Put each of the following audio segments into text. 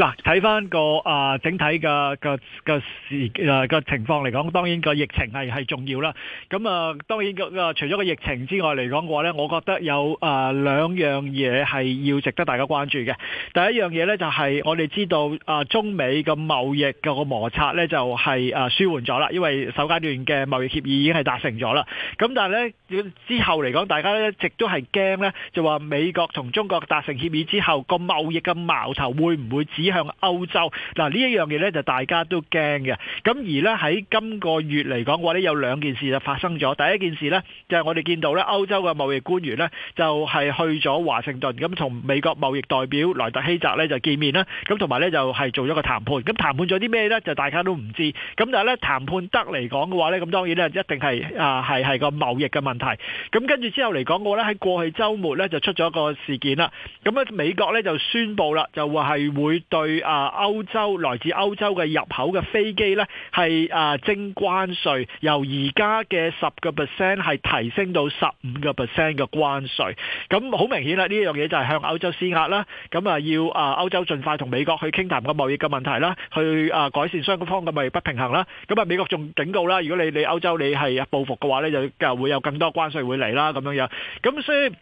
嗱，睇翻個啊整體嘅個個時啊個情況嚟講，當然個疫情係係重要啦。咁啊，當然個啊除咗個疫情之外嚟講嘅話咧，我覺得有啊兩樣嘢係要值得大家關注嘅。第一樣嘢咧就係我哋知道啊，中美嘅貿易嘅個摩擦咧就係啊舒緩咗啦，因為首階段嘅貿易協議已經係達成咗啦。咁但係咧，之後嚟講，大家咧一直都係驚咧，就話美國同中國達成協議之後，個貿易嘅矛頭會唔會只向歐洲，嗱呢一樣嘢咧，就大家都驚嘅。咁而咧喺今個月嚟講嘅話咧，有兩件事就發生咗。第一件事咧，就係我哋見到咧，歐洲嘅貿易官員咧，就係去咗華盛頓，咁同美國貿易代表萊特希澤咧就見面啦。咁同埋咧就係做咗個談判。咁談判咗啲咩咧？就大家都唔知。咁但係咧談判得嚟講嘅話咧，咁當然咧一定係啊係係個貿易嘅問題。咁跟住之後嚟講，嘅話咧喺過去周末咧就出咗個事件啦。咁咧美國咧就宣布啦，就話係會。對啊，歐洲來自歐洲嘅入口嘅飛機呢，係啊徵關稅，由而家嘅十個 percent 係提升到十五個 percent 嘅關稅。咁好明顯啦，呢樣嘢就係向歐洲施壓啦。咁啊要啊歐洲盡快同美國去傾談個貿易嘅問題啦，去啊改善雙方嘅貿易不平衡啦。咁啊美國仲警告啦，如果你你歐洲你係報復嘅話呢，就會有更多關稅會嚟啦咁樣樣。咁所以。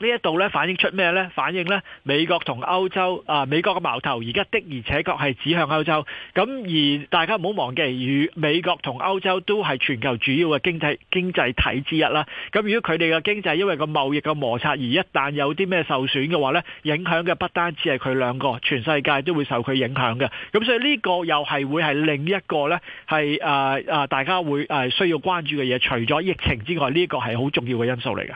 呢一度咧反映出咩咧？反映咧、呃，美國同歐洲啊，美國嘅矛頭而家的而且確係指向歐洲。咁而大家唔好忘記，與美國同歐洲都係全球主要嘅經濟經濟體之一啦。咁如果佢哋嘅經濟因為個貿易嘅摩擦而一旦有啲咩受損嘅話咧，影響嘅不單止係佢兩個，全世界都會受佢影響嘅。咁所以呢個又係會係另一個咧係誒誒大家會誒需要關注嘅嘢，除咗疫情之外，呢、這個係好重要嘅因素嚟噶。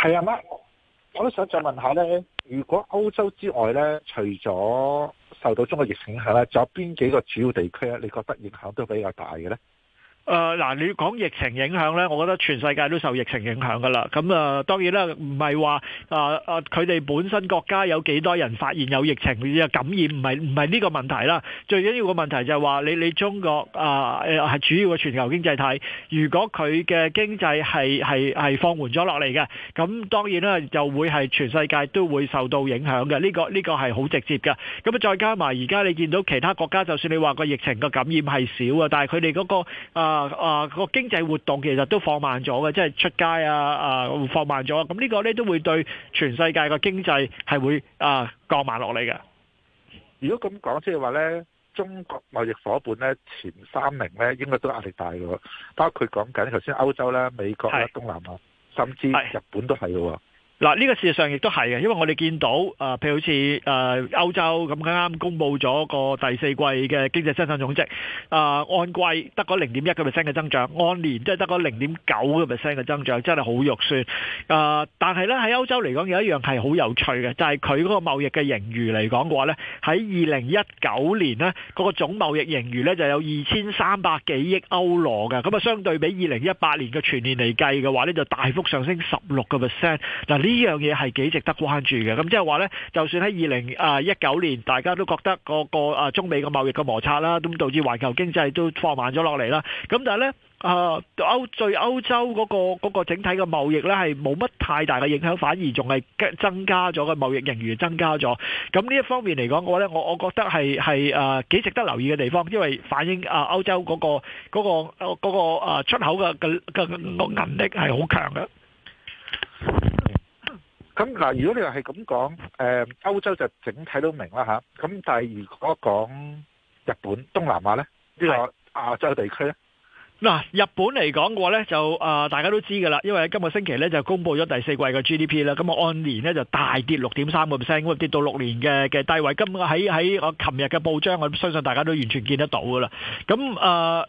係啊，媽！我都想再問下咧，如果歐洲之外咧，除咗受到中國疫情影響咧，仲有邊幾個主要地區咧？你覺得影響都比較大嘅咧？誒嗱、呃，你講疫情影響咧，我覺得全世界都受疫情影響噶啦。咁、嗯、誒，當然啦，唔係話誒誒，佢、呃、哋本身國家有幾多人發現有疫情嘅感染，唔係唔係呢個問題啦。最緊要個問題就係話，你你中國啊誒係主要嘅全球經濟體，如果佢嘅經濟係係係放緩咗落嚟嘅，咁、嗯、當然啦，就會係全世界都會受到影響嘅。呢、個呢、個係好直接嘅。咁、嗯、啊，再加埋而家你見到其他國家，就算你話個疫情個感染係少啊，但係佢哋嗰個、呃啊啊！個、啊、經濟活動其實都放慢咗嘅，即係出街啊啊，放慢咗。咁、嗯這個、呢個咧都會對全世界個經濟係會啊降慢落嚟嘅。如果咁講，即係話咧，中國貿易伙伴咧前三名咧，應該都壓力大嘅。包括講緊頭先歐洲啦、美國啦、是東南亞，甚至日本都係嘅。嗱，呢個事實上亦都係嘅，因為我哋見到，誒，譬如好似誒歐洲咁，啱啱公布咗個第四季嘅經濟增長總值，誒，按季得個零點一個 percent 嘅增長，按年即係得個零點九個 percent 嘅增長，真係好肉酸。誒，但係咧喺歐洲嚟講有一樣係好有趣嘅，就係佢嗰個貿易嘅盈餘嚟講嘅話咧，喺二零一九年咧，嗰個總貿易盈餘咧就有二千三百幾億歐羅嘅，咁啊，相對比二零一八年嘅全年嚟計嘅話咧，就大幅上升十六個 percent。嗱，呢呢樣嘢係幾值得關注嘅，咁即係話呢，就算喺2019年大家都覺得嗰個中美嘅貿易嘅摩擦啦，都導致環球經濟係都放慢咗落嚟啦，咁但係呢，最歐洲嗰個整體嘅貿易呢係冇乜太大嘅影響，反而仲係增加咗嘅貿易仍然增加咗。咁呢一方面嚟講我呢我覺得係幾值得留意嘅地方，因為反映歐洲嗰個出口嘅能力係好強。咁嗱，如果你話係咁講，誒、呃、歐洲就整體都明啦嚇。咁、啊、但係如果講日本、東南亞呢，呢、呢個亞洲地區呢，嗱日本嚟講嘅呢，就啊、呃、大家都知噶啦，因為今個星期呢，就公布咗第四季嘅 GDP 啦。咁、嗯、啊按年呢，就大跌六點三個 percent，咁跌到六年嘅嘅低位。今喺喺我琴日嘅報章，我相信大家都完全見得到噶啦。咁、嗯、啊～、呃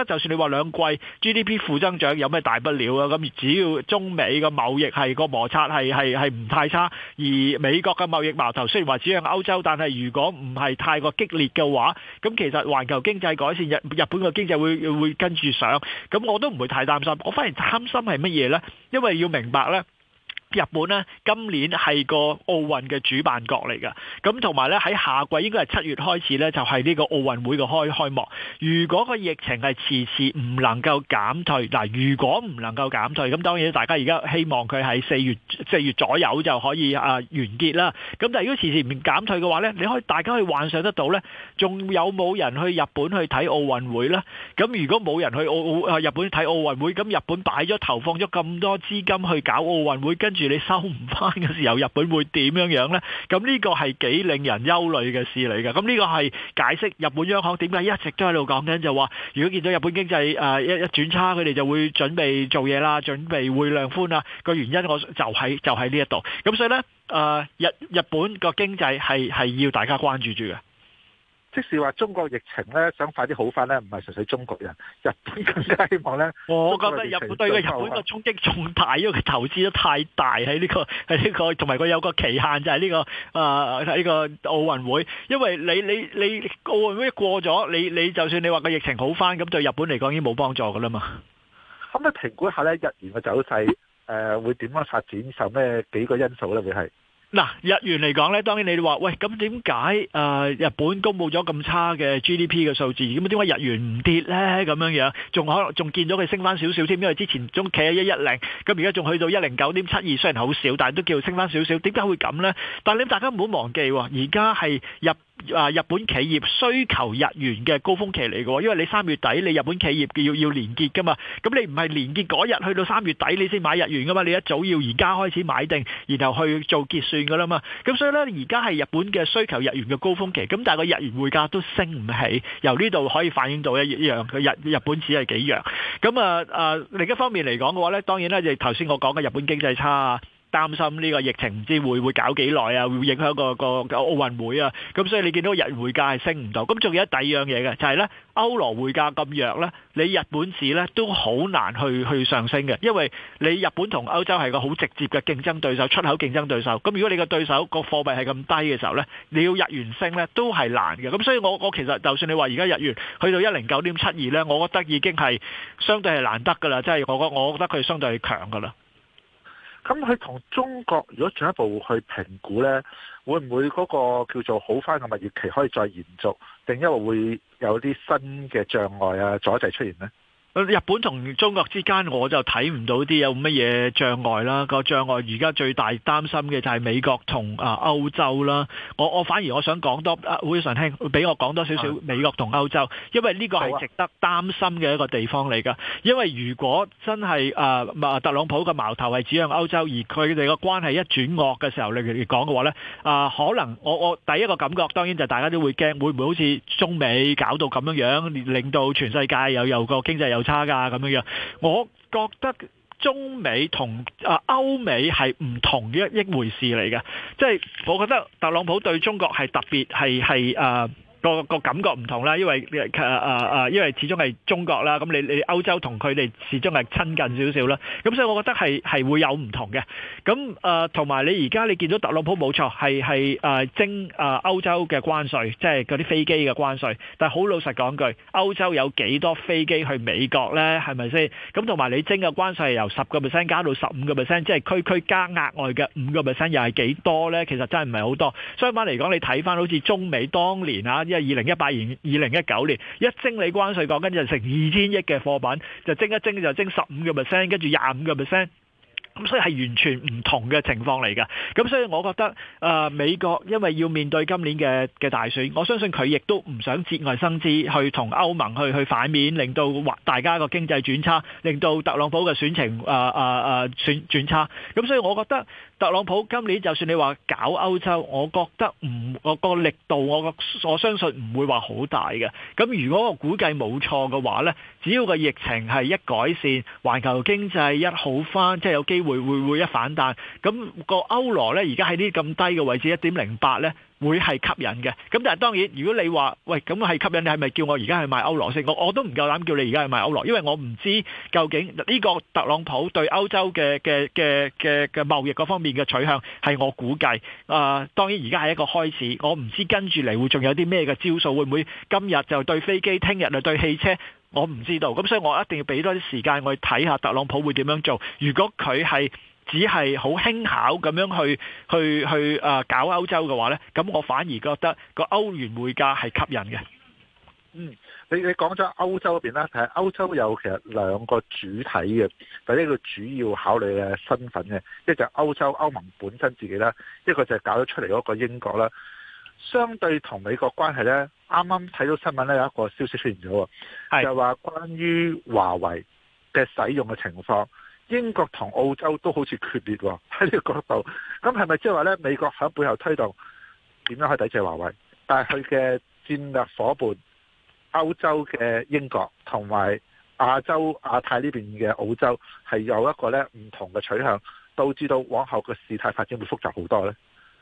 就算你話兩季 GDP 負增長有咩大不了啊？咁只要中美貿，嗰個貿易係個摩擦係係係唔太差，而美國嘅貿易矛頭雖然話指向歐洲，但係如果唔係太過激烈嘅話，咁其實環球經濟改善，日日本個經濟會會跟住上。咁我都唔會太擔心，我反而擔心係乜嘢呢？因為要明白呢。日本咧今年係個奧運嘅主辦國嚟噶，咁同埋咧喺夏季應該係七月開始咧就係呢個奧運會嘅開開幕。如果個疫情係遲遲唔能夠減退，嗱，如果唔能夠減退，咁當然大家而家希望佢喺四月四月左右就可以啊完結啦。咁但係如果遲遲唔減退嘅話咧，你可以大家可以幻想得到咧，仲有冇人去日本去睇奧運會咧？咁如果冇人去奧啊日本睇奧運會，咁日本擺咗投放咗咁多資金去搞奧運會，跟住。你收唔翻嘅時候，日本會點樣樣呢？咁呢個係幾令人憂慮嘅事嚟嘅。咁呢個係解釋日本央行點解一直都喺度講緊，就話如果見到日本經濟誒、呃、一一轉差，佢哋就會準備做嘢啦，準備會量寬啦。個原因我就喺就喺呢一度。咁所以呢，誒、呃，日日本個經濟係係要大家關注住嘅。即使話中國疫情咧想快啲好翻咧，唔係純粹中國人，日本更加希望咧。我覺得日本對個日本個衝擊重大，因為佢投資得太大喺呢個喺呢個，同埋佢有個期限就係、是、呢、呢個啊呢、呃呢個奧運會。因為你你你奧運會過咗，你你、你、你就算你話個疫情好翻，咁對日本嚟講已經冇幫助噶啦嘛。咁啊，評估下咧日元嘅走勢，誒、呃、會點樣發展，受咩幾個因素咧？會係？嗱、啊，日元嚟講咧，當然你哋話喂，咁點解誒日本公布咗咁差嘅 GDP 嘅數字，咁點解日元唔跌咧？咁樣樣，仲可能仲見咗佢升翻少少添，因為之前仲企喺一一零，咁而家仲去到一零九點七二，雖然好少，但係都叫升翻少少。點解會咁咧？但係你大家唔好忘記喎，而家係日。啊！日本企業需求日元嘅高峰期嚟嘅，因為你三月底你日本企業嘅要要連結噶嘛，咁你唔係連結嗰日去到三月底你先買日元噶嘛，你一早要而家開始買定，然後去做結算噶啦嘛，咁所以咧而家係日本嘅需求日元嘅高峰期，咁但係個日元匯價都升唔起，由呢度可以反映到咧一樣，佢日日本只係幾弱。咁啊啊、呃、另一方面嚟講嘅話咧，當然咧就頭先我講嘅日本經濟差啊。擔心呢個疫情唔知會會搞幾耐啊，會影響個個奧運會啊，咁所以你見到日匯價係升唔到，咁仲有一第二樣嘢嘅就係咧歐羅匯價咁弱咧，你日本紙咧都好難去去上升嘅，因為你日本同歐洲係個好直接嘅競爭對手，出口競爭對手，咁如果你個對手個貨幣係咁低嘅時候咧，你要日元升咧都係難嘅，咁所以我我其實就算你話而家日元去到一零九點七二咧，我覺得已經係相對係難得㗎啦，即係我我覺得佢相對係強㗎啦。咁佢同中國如果進一步去評估呢，會唔會嗰個叫做好翻嘅蜜月期可以再延續，定因為會有啲新嘅障礙啊阻滯出現呢？日本同中國之間，我就睇唔到啲有乜嘢障礙啦。個障礙而家最大擔心嘅就係美國同啊歐洲啦。我我反而我想講多，胡志祥兄俾我講多少少美國同歐洲，因為呢個係值得擔心嘅一個地方嚟噶。因為如果真係啊，特朗普嘅矛頭係指向歐洲，而佢哋個關係一轉惡嘅時候你嚟嚟講嘅話咧，啊可能我我第一個感覺，當然就係大家都會驚，會唔會好似中美搞到咁樣樣，令到全世界又有個經濟又。差噶咁樣樣，我覺得中美同啊歐美係唔同嘅一回事嚟嘅，即係我覺得特朗普對中國係特別係係誒。個個感覺唔同啦，因為誒誒誒，因為始終係中國啦，咁你你歐洲同佢哋始終係親近少少啦，咁所以我覺得係係會有唔同嘅。咁誒同埋你而家你見到特朗普冇錯，係係誒徵誒歐洲嘅關稅，即係嗰啲飛機嘅關稅。但係好老實講句，歐洲有幾多飛機去美國咧？係咪先？咁同埋你徵嘅關稅係由十個 percent 加到十五個 percent，即係區區加額外嘅五個 percent，又係幾多咧？其實真係唔係好多。相反嚟講，你睇翻好似中美當年啊！即係二零一八年、二零一九年，一徵你關稅，講跟住就成二千億嘅貨品，就徵一徵就徵十五個 percent，跟住廿五個 percent，咁所以係完全唔同嘅情況嚟㗎。咁所以我覺得，誒、呃，美國因為要面對今年嘅嘅大選，我相信佢亦都唔想節外生枝，去同歐盟去去反面，令到大家個經濟轉差，令到特朗普嘅選情，誒誒誒，選轉差。咁所以我覺得。特朗普今年就算你話搞歐洲，我覺得唔，我個力度我個我相信唔會話好大嘅。咁如果我估計冇錯嘅話咧，只要個疫情係一改善，環球經濟一好翻，即係有機會會會一反彈。咁個歐羅咧，而家喺呢啲咁低嘅位置，一點零八咧。會係吸引嘅，咁但係當然，如果你話喂咁係吸引，你係咪叫我而家去買歐羅先？我我都唔夠膽叫你而家去買歐羅，因為我唔知究竟呢個特朗普對歐洲嘅嘅嘅嘅嘅貿易嗰方面嘅取向係我估計啊、呃。當然而家係一個開始，我唔知跟住嚟會仲有啲咩嘅招數，會唔會今日就對飛機，聽日就對汽車？我唔知道，咁所以我一定要俾多啲時間我去睇下特朗普會點樣做。如果佢係，只係好輕巧咁樣去去去啊搞歐洲嘅話呢，咁我反而覺得個歐元匯價係吸引嘅。嗯，你你講咗歐洲嗰邊啦，其實歐洲有其實兩個主體嘅，第一個主要考慮嘅身份嘅，一就係歐洲歐盟本身自己啦，一個就係搞咗出嚟嗰個英國啦。相對同美國關係呢，啱啱睇到新聞呢，有一個消息出現咗喎，是就話關於華為嘅使用嘅情況。英國同澳洲都好似決裂喎，喺呢個角度，咁係咪即係話呢？美國喺背後推動點樣去抵制華為？但係佢嘅戰略伙伴歐洲嘅英國同埋亞洲亞太呢邊嘅澳洲係有一個呢唔同嘅取向，導致到往後嘅事態發展會複雜好多呢。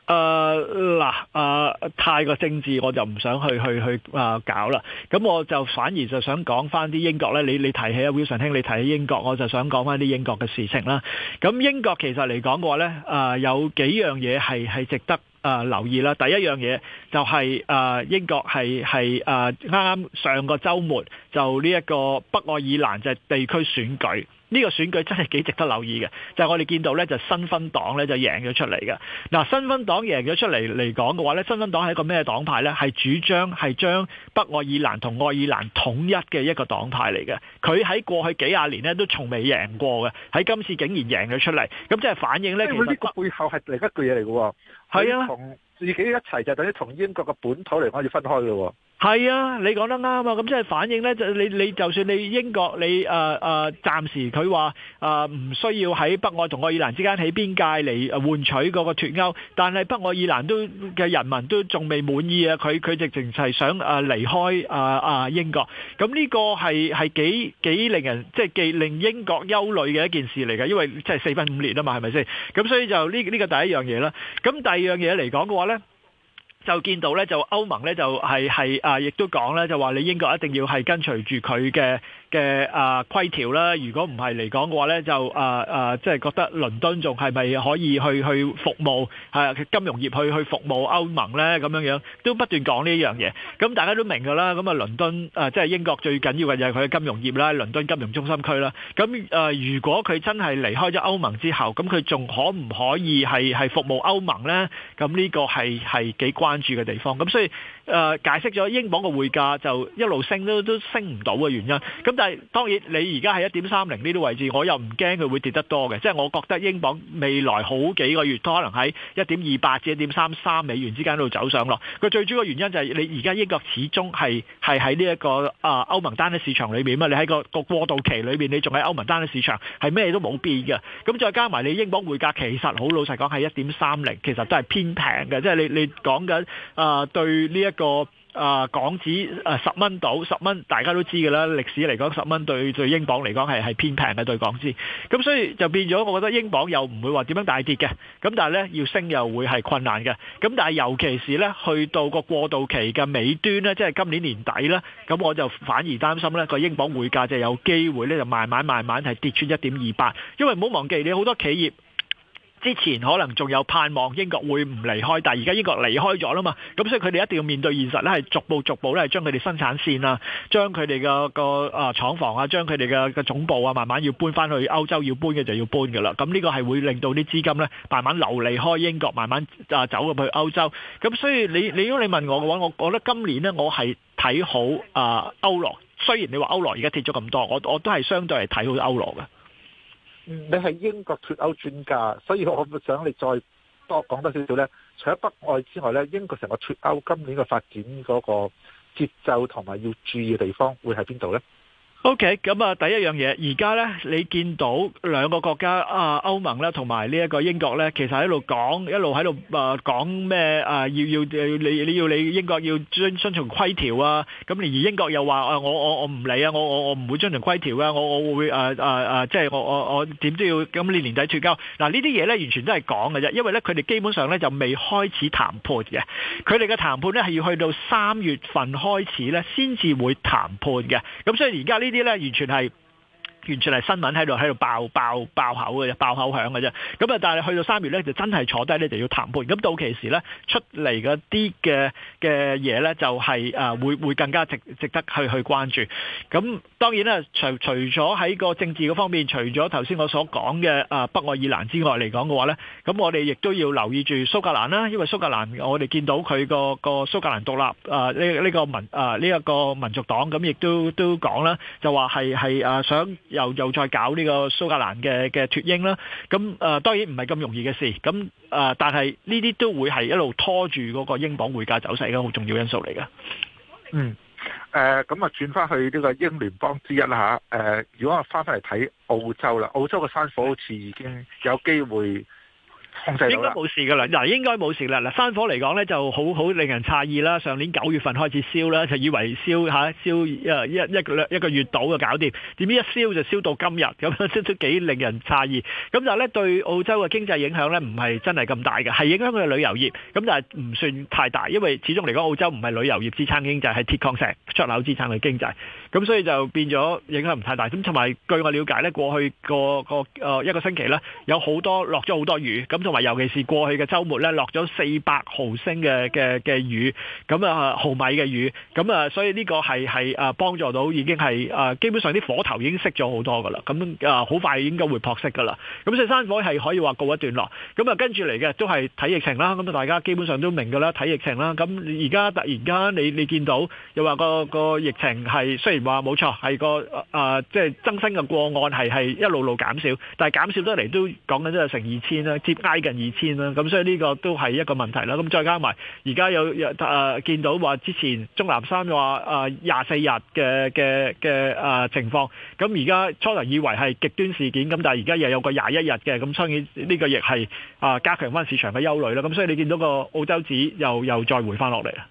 誒嗱，誒太過政治我就唔想去去去誒、uh, 搞啦，咁我就反而就想講翻啲英國咧。你你提起阿 Wilson 兄，King, 你提起英國，我就想講翻啲英國嘅事情啦。咁英國其實嚟講嘅話咧，誒、呃、有幾樣嘢係係值得誒留意啦。第一樣嘢就係、是、誒、呃、英國係係誒啱啱上個周末就呢一個北愛爾蘭就係地區選舉。呢個選舉真係幾值得留意嘅，就係、是、我哋見到呢，就新芬黨呢就贏咗出嚟嘅。嗱、啊，新芬黨贏咗出嚟嚟講嘅話呢，新芬黨係一個咩黨派呢？係主張係將北愛爾蘭同愛爾蘭統一嘅一個黨派嚟嘅。佢喺過去幾廿年呢都從未贏過嘅，喺今次竟然贏咗出嚟，咁即係反映呢，其實個背後係另一句嘢嚟嘅。係啊，同自己一齊就等於同英國嘅本土嚟講要分開嘅喎。係啊，你講得啱啊！咁即係反應咧，就你你就算你英國你誒誒、呃呃，暫時佢話誒唔需要喺北愛同愛爾蘭之間起邊界嚟換取嗰個脱歐，但係北愛爾蘭都嘅人民都仲未滿意、呃、啊！佢佢直情係想誒離開誒誒英國。咁呢個係係幾幾令人即係、就是、幾令英國憂慮嘅一件事嚟㗎，因為即係四分五裂啊嘛，係咪先？咁所以就呢呢個第一樣嘢啦。咁第二樣嘢嚟講嘅話咧。就見到咧，就歐盟咧就係係啊，亦都講咧，就話你英國一定要係跟隨住佢嘅嘅啊規條啦。如果唔係嚟講嘅話咧，就啊啊，即係覺得倫敦仲係咪可以去去服務啊金融業去去服務歐盟咧？咁樣樣都不斷講呢樣嘢。咁大家都明㗎啦。咁啊，倫敦啊，即係英國最緊要嘅就係佢嘅金融業啦，倫敦金融中心區啦。咁啊，如果佢真係離開咗歐盟之後，咁佢仲可唔可以係係服務歐盟咧？咁呢個係係幾關住嘅地方，咁、嗯、所以誒、呃、解釋咗英鎊嘅匯價就一路升都都升唔到嘅原因。咁但係當然你而家係一點三零呢啲位置，我又唔驚佢會跌得多嘅，即、就、係、是、我覺得英鎊未來好幾個月都可能喺一點二八至一點三三美元之間度走上落。佢最主要嘅原因就係你而家英國始終係係喺呢一個啊歐盟單一市場裏面嘛，你喺、個、個過渡期裏面，你仲喺歐盟單一市場，係咩都冇變嘅。咁再加埋你英鎊匯價其實好老實講係一點三零，其實，實, 30，其實都係偏平嘅，即、就、係、是、你你講緊。啊、呃，對呢、這、一個啊、呃，港紙啊十蚊到十蚊，大家都知嘅啦。歷史嚟講，十蚊對對英鎊嚟講係係偏平嘅對港紙，咁所以就變咗，我覺得英鎊又唔會話點樣大跌嘅。咁但係咧，要升又會係困難嘅。咁但係尤其是咧，去到個過渡期嘅尾端咧，即係今年年底咧，咁我就反而擔心咧個英鎊匯價就有機會咧就慢慢慢慢係跌穿一點二八，因為唔好忘記你好多企業。之前可能仲有盼望英國會唔離開，但係而家英國離開咗啦嘛，咁所以佢哋一定要面對現實咧，係逐步逐步咧將佢哋生產線啊、將佢哋嘅個啊廠房啊、將佢哋嘅嘅總部啊，慢慢要搬翻去歐洲，要搬嘅就要搬嘅啦。咁呢個係會令到啲資金咧，慢慢流離開英國，慢慢啊走入去歐洲。咁所以你你如果你問我嘅話，我覺得今年咧，我係睇好啊歐羅。雖然你話歐羅而家跌咗咁多，我我都係相對嚟睇好歐羅嘅。你係英國脫歐專家，所以我想你再多講多少少咧。除咗北愛之外咧，英國成個脫歐今年嘅發展嗰個節奏同埋要注意嘅地方會，會喺邊度咧？O.K. 咁啊，第一樣嘢，而家咧，你見到兩個國家啊，歐盟咧，同埋呢一個英國咧，其實喺度講，一路喺度啊，講咩啊，要要你你要你英國要遵遵循規條啊，咁而英國又話啊，我我我唔理啊，我我我唔會遵循規條啊，我我會啊啊啊，即係我我我點都要咁你年底脱交嗱呢啲嘢咧，完全都係講嘅啫，因為咧，佢哋基本上咧就未開始談判嘅，佢哋嘅談判咧係要去到三月份開始咧先至會談判嘅，咁所以而家呢？啲咧完全係。完全係新聞喺度喺度爆爆爆口嘅，爆口響嘅啫。咁啊，但係去到三月咧，就真係坐低咧就要談判。咁到其時咧出嚟嗰啲嘅嘅嘢咧，就係誒會會更加值值得去去關注。咁當然啦，除除咗喺個政治嗰方面，除咗頭先我所講嘅啊北愛爾蘭之外嚟講嘅話咧，咁我哋亦都要留意住蘇格蘭啦，因為蘇格蘭我哋見到佢個個蘇格蘭獨立啊呢呢個民啊呢一個民族黨咁亦都都講啦，就話係係誒想。又又再搞呢個蘇格蘭嘅嘅脫英啦，咁誒、呃、當然唔係咁容易嘅事，咁誒、呃、但係呢啲都會係一路拖住嗰個英鎊匯價走勢嘅好重要因素嚟嘅。嗯，誒咁啊轉翻去呢個英聯邦之一啦嚇，誒、呃、如果我翻翻嚟睇澳洲啦，澳洲嘅山火好似已經有機會。應該冇事㗎啦，嗱應該冇事啦，嗱山火嚟講咧就好好令人詫異啦。上年九月份開始燒啦，就以為燒吓、啊、燒一一一個月一度嘅搞掂，點知一燒就燒到今日咁， 都都幾令人詫異。咁就係咧對澳洲嘅經濟影響咧唔係真係咁大嘅，係影響佢嘅旅遊業。咁但係唔算太大，因為始終嚟講澳洲唔係旅遊業支撐經濟，係鐵礦石出樓支撐嘅經濟。咁所以就變咗影響唔太大。咁同埋據我了解咧，過去個個誒一個星期咧有好多落咗好多雨，咁尤其是過去嘅週末咧，落咗四百毫升嘅嘅嘅雨，咁啊毫米嘅雨，咁啊，所以呢個係係啊幫助到已經係啊基本上啲火頭已經熄咗好多㗎喇，咁啊好快應該會撲熄㗎喇。咁所以山火係可以話告一段落。咁啊跟住嚟嘅都係睇疫情啦。咁啊大家基本上都明㗎啦，睇疫情啦。咁而家突然間你你見到又話個個疫情係雖然話冇錯係個啊即係、就是、增生嘅個案係係一路路路減少，但係減少得嚟都講緊都係成二千啦，接差近二千啦，咁所以呢個都係一個問題啦。咁再加埋，而家有有誒見到話之前鍾南山話誒廿四日嘅嘅嘅誒情況，咁而家初頭以為係極端事件，咁但係而家又有個廿一日嘅，咁所以呢個亦係啊加強翻市場嘅憂慮啦。咁所以你見到個澳洲紙又又再回翻落嚟啦。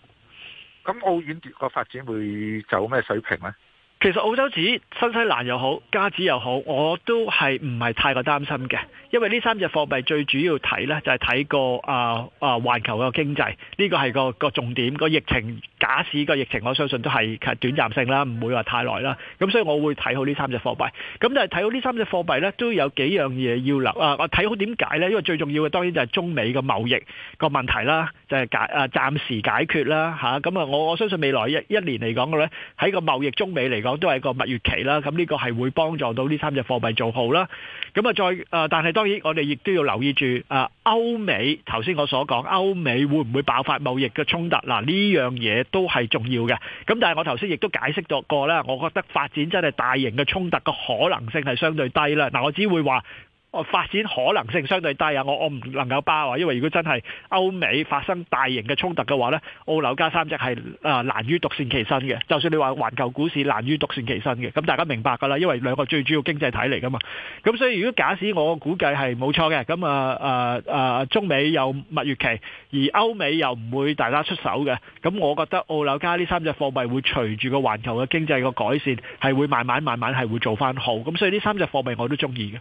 咁澳元個發展會走咩水平咧？其實澳洲紙、新西蘭又好、加紙又好，我都係唔係太過擔心嘅，因為呢三隻貨幣最主要睇呢，就係、是、睇個啊啊環球嘅經濟，呢、這個係個個重點。個疫情假使個疫情，我相信都係係短暫性啦，唔會話太耐啦。咁所以我會睇好呢三隻貨幣。咁就係睇好呢三隻貨幣呢，都有幾樣嘢要留。啊。我睇好點解呢？因為最重要嘅當然就係中美嘅貿易個問題啦，就係、是、解啊暫時解決啦吓。咁啊，我我相信未來一一年嚟講嘅咧，喺個貿易中美嚟講。我都係個蜜月期啦，咁呢個係會幫助到呢三隻貨幣做好啦。咁啊，再誒，但係當然我哋亦都要留意住誒，歐美頭先我所講，歐美會唔會爆發貿易嘅衝突？嗱，呢樣嘢都係重要嘅。咁但係我頭先亦都解釋咗過啦，我覺得發展真係大型嘅衝突嘅可能性係相對低啦。嗱，我只會話。我發展可能性相對低啊！我，我唔能夠包啊，因為如果真係歐美發生大型嘅衝突嘅話咧，澳紐加三隻係啊，難於獨善其身嘅。就算你話環球股市難於獨善其身嘅，咁大家明白噶啦，因為兩個最主要經濟體嚟噶嘛。咁所以如果假使我估計係冇錯嘅，咁啊啊啊中美有蜜月期，而歐美又唔會大打出手嘅，咁我覺得澳紐加呢三隻貨幣會隨住個環球嘅經濟個改善，係會慢慢慢慢係會做翻好。咁所以呢三隻貨幣我都中意嘅。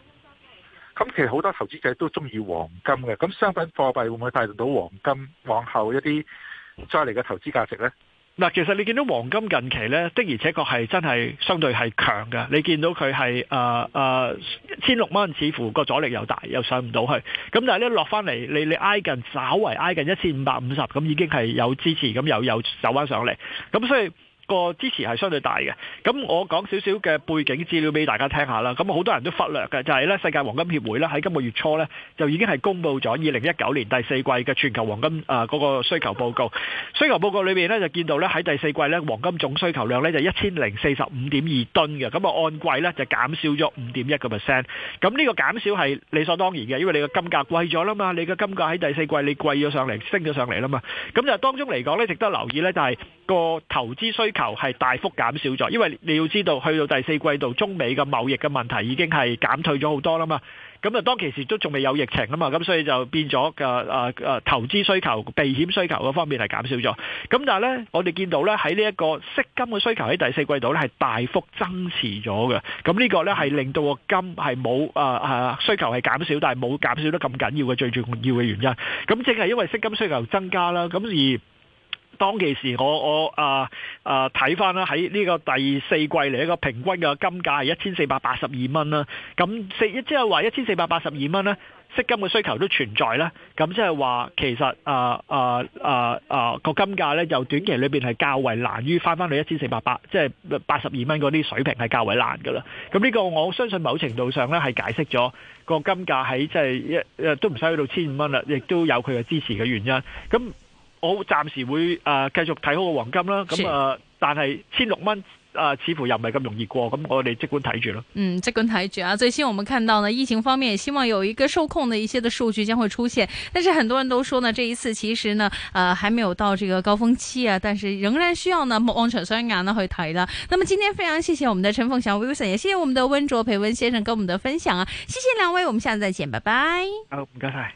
咁其實好多投資者都中意黃金嘅，咁商品貨幣會唔會帶動到黃金往後一啲再嚟嘅投資價值呢？嗱，其實你見到黃金近期呢的而且確係真係相對係強嘅，你見到佢係誒誒千六蚊，呃呃、1, 6，似乎個阻力又大，又上唔到去。咁但係呢，落翻嚟，你你挨近稍為挨近一千五百五十，咁已經係有支持，咁又又走翻上嚟，咁所以。個支持係相對大嘅，咁我講少少嘅背景資料俾大家聽下啦。咁好多人都忽略嘅就係咧，世界黃金協會咧喺今個月初咧就已經係公布咗二零一九年第四季嘅全球黃金啊嗰個需求報告。需求報告裏面咧就見到咧喺第四季咧黃金總需求量咧就一千零四十五點二噸嘅，咁啊按季咧就減少咗五點一個 percent。咁呢個減少係理所當然嘅，因為你個金價貴咗啦嘛，你個金價喺第四季你貴咗上嚟，升咗上嚟啦嘛。咁就當中嚟講咧，值得留意咧就係。個投資需求係大幅減少咗，因為你要知道，去到第四季度，中美嘅貿易嘅問題已經係減退咗好多啦嘛。咁啊，當其時都仲未有疫情啊嘛，咁所以就變咗嘅啊啊投資需求，避險需求嘅方面係減少咗。咁但係咧，我哋見到咧喺呢一個息金嘅需求喺第四季度咧係大幅增持咗嘅。咁，這，呢個咧係令到個金係冇啊啊需求係減少，但係冇減少得咁緊要嘅最重要嘅原因。咁正係因為息金需求增加啦，咁而。當其時我，我我啊啊睇翻啦，喺呢個第四季嚟一個平均嘅金價係一千四百八十二蚊啦。咁四即係話一千四百八十二蚊咧，息金嘅需求都存在啦。咁即係話其實啊啊啊啊個金價咧，由短期裏邊係較為難於翻翻到一千四百八，即係八十二蚊嗰啲水平係較為難噶啦。咁呢個我相信某程度上咧係解釋咗個金價喺即係一誒都唔使去到千五蚊啦，亦都有佢嘅支持嘅原因咁。我暫時會誒、呃、繼續睇好個黃金啦，咁、嗯、啊是、呃，但係千六蚊啊，似乎又唔係咁容易過，咁我哋即管睇住咯。嗯，即管睇住、嗯、啊！最新我們看到呢，疫情方面希望有一個受控的一些的數據將會出現，但是很多人都說呢，這一次其實呢，誒、呃，還沒有到這個高峰期啊，但是仍然需要呢望穿雙眼呢去睇啦。那麼今天非常謝謝我們的陳鳳祥 Wilson，也謝謝我們的温灼培温先生跟我們的分享啊，謝謝兩位，我們下次再見，拜拜。好，唔該晒。